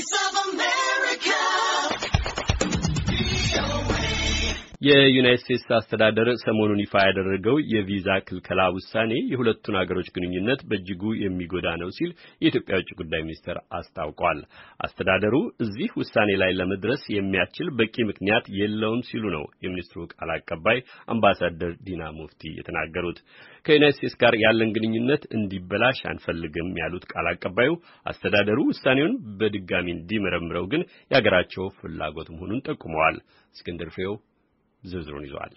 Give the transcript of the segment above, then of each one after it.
voice of የዩናይት ስቴትስ አስተዳደር ሰሞኑን ይፋ ያደረገው የቪዛ ክልከላ ውሳኔ የሁለቱን አገሮች ግንኙነት በእጅጉ የሚጎዳ ነው ሲል የኢትዮጵያ ውጭ ጉዳይ ሚኒስቴር አስታውቋል። አስተዳደሩ እዚህ ውሳኔ ላይ ለመድረስ የሚያስችል በቂ ምክንያት የለውም ሲሉ ነው የሚኒስትሩ ቃል አቀባይ አምባሳደር ዲና ሙፍቲ የተናገሩት። ከዩናይት ስቴትስ ጋር ያለን ግንኙነት እንዲበላሽ አንፈልግም ያሉት ቃል አቀባዩ አስተዳደሩ ውሳኔውን በድጋሚ እንዲመረምረው ግን የሀገራቸው ፍላጎት መሆኑን ጠቁመዋል። እስክንድር ፍሬው ዝርዝሩን ይዟል።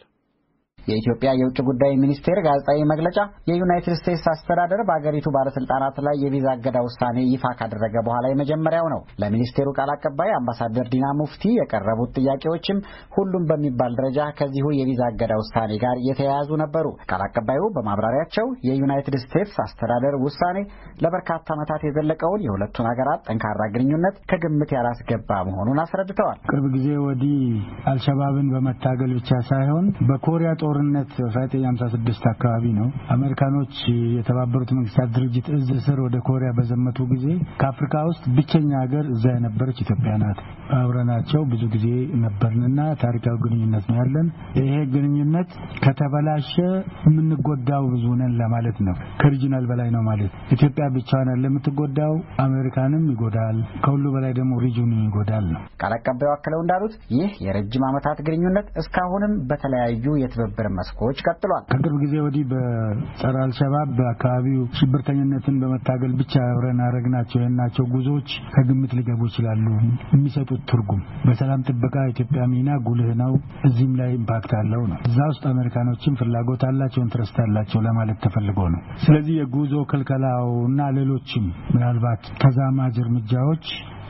የኢትዮጵያ የውጭ ጉዳይ ሚኒስቴር ጋዜጣዊ መግለጫ የዩናይትድ ስቴትስ አስተዳደር በአገሪቱ ባለስልጣናት ላይ የቪዛ እገዳ ውሳኔ ይፋ ካደረገ በኋላ የመጀመሪያው ነው። ለሚኒስቴሩ ቃል አቀባይ አምባሳደር ዲና ሙፍቲ የቀረቡት ጥያቄዎችም ሁሉም በሚባል ደረጃ ከዚሁ የቪዛ እገዳ ውሳኔ ጋር የተያያዙ ነበሩ። ቃል አቀባዩ በማብራሪያቸው የዩናይትድ ስቴትስ አስተዳደር ውሳኔ ለበርካታ ዓመታት የዘለቀውን የሁለቱን ሀገራት ጠንካራ ግንኙነት ከግምት ያላስገባ መሆኑን አስረድተዋል። ቅርብ ጊዜ ወዲህ አልሸባብን በመታገል ብቻ ሳይሆን በኮሪያ ጦርነት ፋይቴ 56 ስድስት አካባቢ ነው አሜሪካኖች የተባበሩት መንግስታት ድርጅት እዝ ስር ወደ ኮሪያ በዘመቱ ጊዜ ከአፍሪካ ውስጥ ብቸኛ ሀገር እዛ የነበረች ኢትዮጵያ ናት። አብረናቸው ብዙ ጊዜ ነበርንና ታሪካዊ ግንኙነት ነው ያለን። ይሄ ግንኙነት ከተበላሸ የምንጎዳው ብዙ ነን ለማለት ነው። ከሪጂናል በላይ ነው ማለት ኢትዮጵያ ብቻዋን ለምትጎዳው አሜሪካንም ይጎዳል፣ ከሁሉ በላይ ደግሞ ሪጂኑን ይጎዳል ነው። ቃል አቀባዩ አክለው እንዳሉት ይህ የረጅም ዓመታት ግንኙነት እስካሁንም በተለያዩ የትብብ የትብብር መስኮች ቀጥሏል። ከቅርብ ጊዜ ወዲህ በጸረ አልሸባብ በአካባቢው ሽብርተኝነትን በመታገል ብቻ አብረን ያደረግናቸው ናቸው ጉዞዎች ከግምት ሊገቡ ይችላሉ። የሚሰጡት ትርጉም በሰላም ጥበቃ ኢትዮጵያ ሚና ጉልህ ነው፣ እዚህም ላይ ኢምፓክት አለው ነው። እዛ ውስጥ አሜሪካኖችም ፍላጎት አላቸው፣ ኢንትረስት አላቸው ለማለት ተፈልጎ ነው። ስለዚህ የጉዞ ክልከላው እና ሌሎችም ምናልባት ተዛማጅ እርምጃዎች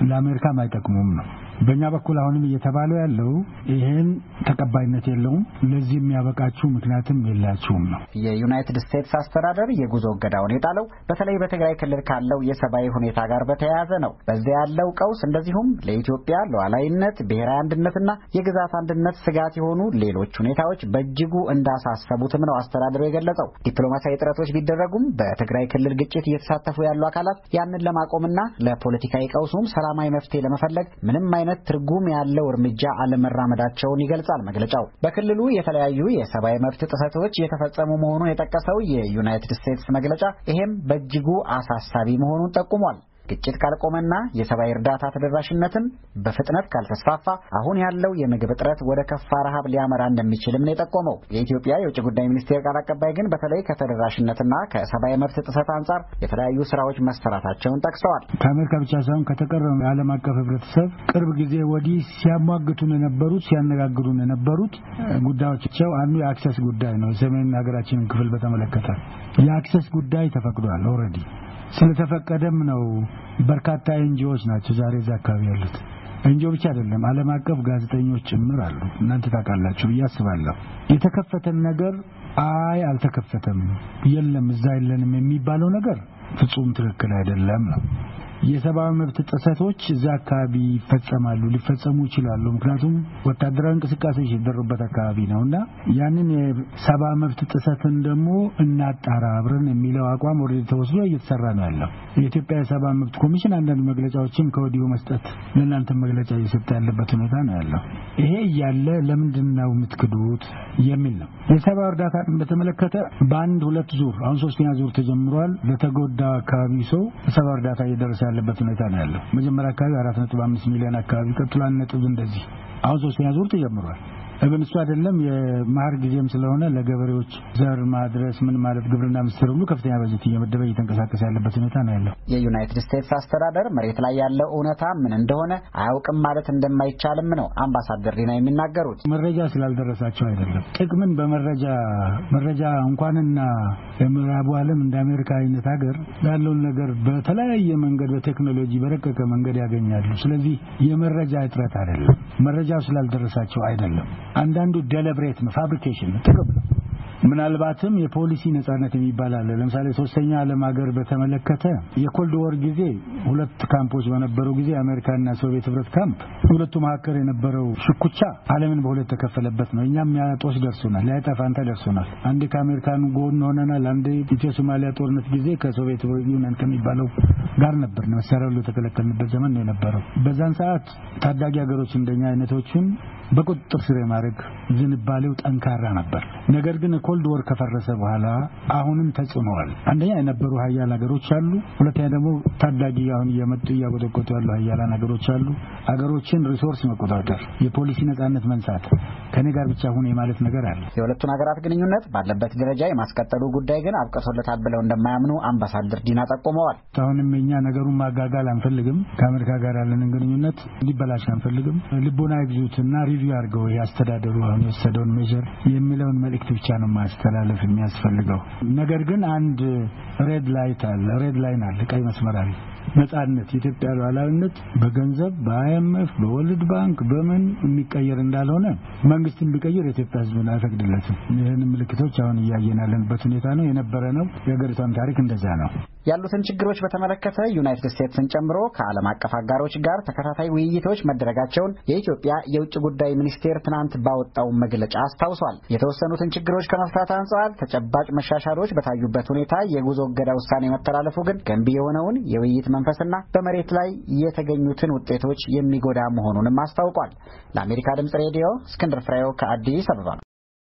ለአሜሪካም አይጠቅሙም ነው። በእኛ በኩል አሁንም እየተባለው ያለው ይህን ተቀባይነት የለውም፣ ለዚህ የሚያበቃችሁ ምክንያትም የላችሁም ነው። የዩናይትድ ስቴትስ አስተዳደር የጉዞ እገዳውን የጣለው በተለይ በትግራይ ክልል ካለው የሰብአዊ ሁኔታ ጋር በተያያዘ ነው። በዚያ ያለው ቀውስ እንደዚሁም ለኢትዮጵያ ሉዓላዊነት፣ ብሔራዊ አንድነትና የግዛት አንድነት ስጋት የሆኑ ሌሎች ሁኔታዎች በእጅጉ እንዳሳሰቡትም ነው አስተዳደሩ የገለጸው። ዲፕሎማሲያዊ ጥረቶች ቢደረጉም በትግራይ ክልል ግጭት እየተሳተፉ ያሉ አካላት ያንን ለማቆምና ለፖለቲካዊ ቀውሱም ሰላማዊ መፍትሄ ለመፈለግ ምንም አይነት አይነት ትርጉም ያለው እርምጃ አለመራመዳቸውን ይገልጻል መግለጫው። በክልሉ የተለያዩ የሰብአዊ መብት ጥሰቶች እየተፈጸሙ መሆኑን የጠቀሰው የዩናይትድ ስቴትስ መግለጫ ይሄም በእጅጉ አሳሳቢ መሆኑን ጠቁሟል። ግጭት ካልቆመና የሰብአዊ እርዳታ ተደራሽነትም በፍጥነት ካልተስፋፋ አሁን ያለው የምግብ እጥረት ወደ ከፋ ረሃብ ሊያመራ እንደሚችልም ነው የጠቆመው። የኢትዮጵያ የውጭ ጉዳይ ሚኒስቴር ቃል አቀባይ ግን በተለይ ከተደራሽነትና ከሰብአዊ መብት ጥሰት አንጻር የተለያዩ ስራዎች መሰራታቸውን ጠቅሰዋል። ከአሜሪካ ብቻ ሳይሆን ከተቀረው የዓለም አቀፍ ህብረተሰብ ቅርብ ጊዜ ወዲህ ሲያሟግቱን የነበሩት ሲያነጋግሩን የነበሩት ጉዳዮቻቸው አንዱ የአክሰስ ጉዳይ ነው። የሰሜን ሀገራችንን ክፍል በተመለከተ የአክሰስ ጉዳይ ተፈቅዷል ኦልሬዲ ስለተፈቀደም ነው በርካታ ኤንጂዎች ናቸው ዛሬ እዛ አካባቢ ያሉት። ኤንጂኦ ብቻ አይደለም ዓለም አቀፍ ጋዜጠኞች ጭምር አሉ። እናንተ ታውቃላችሁ ብዬ አስባለሁ። የተከፈተን ነገር አይ አልተከፈተም፣ የለም፣ እዛ የለንም የሚባለው ነገር ፍጹም ትክክል አይደለም ነው የሰብአዊ መብት ጥሰቶች እዛ አካባቢ ይፈጸማሉ፣ ሊፈጸሙ ይችላሉ። ምክንያቱም ወታደራዊ እንቅስቃሴዎች የተደረጉበት አካባቢ ነው እና ያንን የሰብአዊ መብት ጥሰትን ደግሞ እናጣራ አብረን የሚለው አቋም ወደ ተወስዶ እየተሰራ ነው ያለው። የኢትዮጵያ የሰብአዊ መብት ኮሚሽን አንዳንድ መግለጫዎችም ከወዲሁ መስጠት ለእናንተ መግለጫ እየሰጠ ያለበት ሁኔታ ነው ያለው። ይሄ እያለ ለምንድን ነው የምትክዱት የሚል ነው። የሰብአዊ እርዳታ በተመለከተ በአንድ ሁለት ዙር አሁን ሶስተኛ ዙር ተጀምሯል። ለተጎዳ አካባቢ ሰው ሰብአዊ እርዳታ እየደረሰ ባለበት ሁኔታ ነው ያለው። መጀመሪያ አካባቢ አራት ነጥብ አምስት ሚሊዮን አካባቢ ቀጥሎ አንድ ነጥብ እንደዚህ አሁን ሶስተኛ ዙር ተጀምሯል። እብን እሱ አይደለም የመኸር ጊዜም ስለሆነ ለገበሬዎች ዘር ማድረስ ምን ማለት ግብርና ሚኒስቴር ሁሉ ከፍተኛ በጀት እየመደበ እየተንቀሳቀሰ ያለበት ሁኔታ ነው ያለው። የዩናይትድ ስቴትስ አስተዳደር መሬት ላይ ያለው እውነታ ምን እንደሆነ አያውቅም ማለት እንደማይቻልም ነው አምባሳደር ዲና የሚናገሩት። መረጃ ስላልደረሳቸው አይደለም። ጥቅምን በመረጃ መረጃ እንኳንና የምዕራቡ ዓለም እንደ አሜሪካ አይነት ሀገር ያለውን ነገር በተለያየ መንገድ በቴክኖሎጂ በረቀቀ መንገድ ያገኛሉ። ስለዚህ የመረጃ እጥረት አይደለም፣ መረጃው ስላልደረሳቸው አይደለም። አንዳንዱ ደለብሬት ነው፣ ፋብሪኬሽን ነው፣ ጥቅም ነው። ምናልባትም የፖሊሲ ነጻነት የሚባል አለ። ለምሳሌ ሶስተኛ ዓለም ሀገር በተመለከተ የኮልድ ወር ጊዜ ሁለት ካምፖች በነበረው ጊዜ አሜሪካና ሶቪየት ህብረት ካምፕ ሁለቱ መካከል የነበረው ሽኩቻ አለምን በሁለት ተከፈለበት ነው። እኛም ያጦስ ደርሶናል፣ ያጠፋንታ ደርሶናል። አንዴ ከአሜሪካን ጎን ሆነናል። አንዴ ኢትዮ ሶማሊያ ጦርነት ጊዜ ከሶቪየት ዩኒየን ከሚባለው ጋር ነበር መሳሪያ ሁሉ የተከለከልንበት ዘመን ነው የነበረው። በዛን ሰዓት ታዳጊ ሀገሮች እንደኛ አይነቶችን በቁጥጥር ስር የማድረግ ዝንባሌው ጠንካራ ነበር። ነገር ግን ኮልድ ወር ከፈረሰ በኋላ አሁንም ተጽዕኖዋል። አንደኛ የነበሩ ሀያል ሀገሮች አሉ። ሁለተኛ ደግሞ ታዳጊ አሁን እየመጡ እያቆጠቆጡ ያሉ ሀያላን ሀገሮች አሉ። ሀገሮችን ሪሶርስ መቆጣጠር፣ የፖሊሲ ነጻነት መንሳት፣ ከኔ ጋር ብቻ ሁን የማለት ነገር አለ። የሁለቱን ሀገራት ግንኙነት ባለበት ደረጃ የማስቀጠሉ ጉዳይ ግን አብቅቶለታል ብለው እንደማያምኑ አምባሳደር ዲና ጠቁመዋል። እኛ ነገሩን ማጋጋል አንፈልግም። ከአሜሪካ ጋር ያለንን ግንኙነት እንዲበላሽ አንፈልግም። ልቦና እና ሪቪው አድርገው ያስተዳደሩ አሁን የወሰደውን ሜዥር የሚለውን መልእክት ብቻ ነው ማስተላለፍ የሚያስፈልገው። ነገር ግን አንድ ሬድ ላይት አለ፣ ሬድ ላይን አለ፣ ቀይ መስመር አለ። ነጻነት የኢትዮጵያ ሉዓላዊነት በገንዘብ በአይኤምኤፍ በወርልድ ባንክ በምን የሚቀየር እንዳልሆነ መንግስትን ቢቀይር የኢትዮጵያ ሕዝብን አይፈቅድለትም። ይህን ምልክቶች አሁን እያየን ያለንበት ሁኔታ ነው። የነበረ ነው። የሀገሪቷም ታሪክ እንደዛ ነው። ያሉትን ችግሮች በተመለከተ ዩናይትድ ስቴትስን ጨምሮ ከዓለም አቀፍ አጋሮች ጋር ተከታታይ ውይይቶች መደረጋቸውን የኢትዮጵያ የውጭ ጉዳይ ሚኒስቴር ትናንት ባወጣው መግለጫ አስታውሷል። የተወሰኑትን ችግሮች ከመፍታት አንጻር ተጨባጭ መሻሻሎች በታዩበት ሁኔታ የጉዞ እገዳ ውሳኔ መተላለፉ ግን ገንቢ የሆነውን የውይይት መንፈስና በመሬት ላይ የተገኙትን ውጤቶች የሚጎዳ መሆኑንም አስታውቋል። ለአሜሪካ ድምጽ ሬዲዮ እስክንድር ፍሬው ከአዲስ አበባ ነው።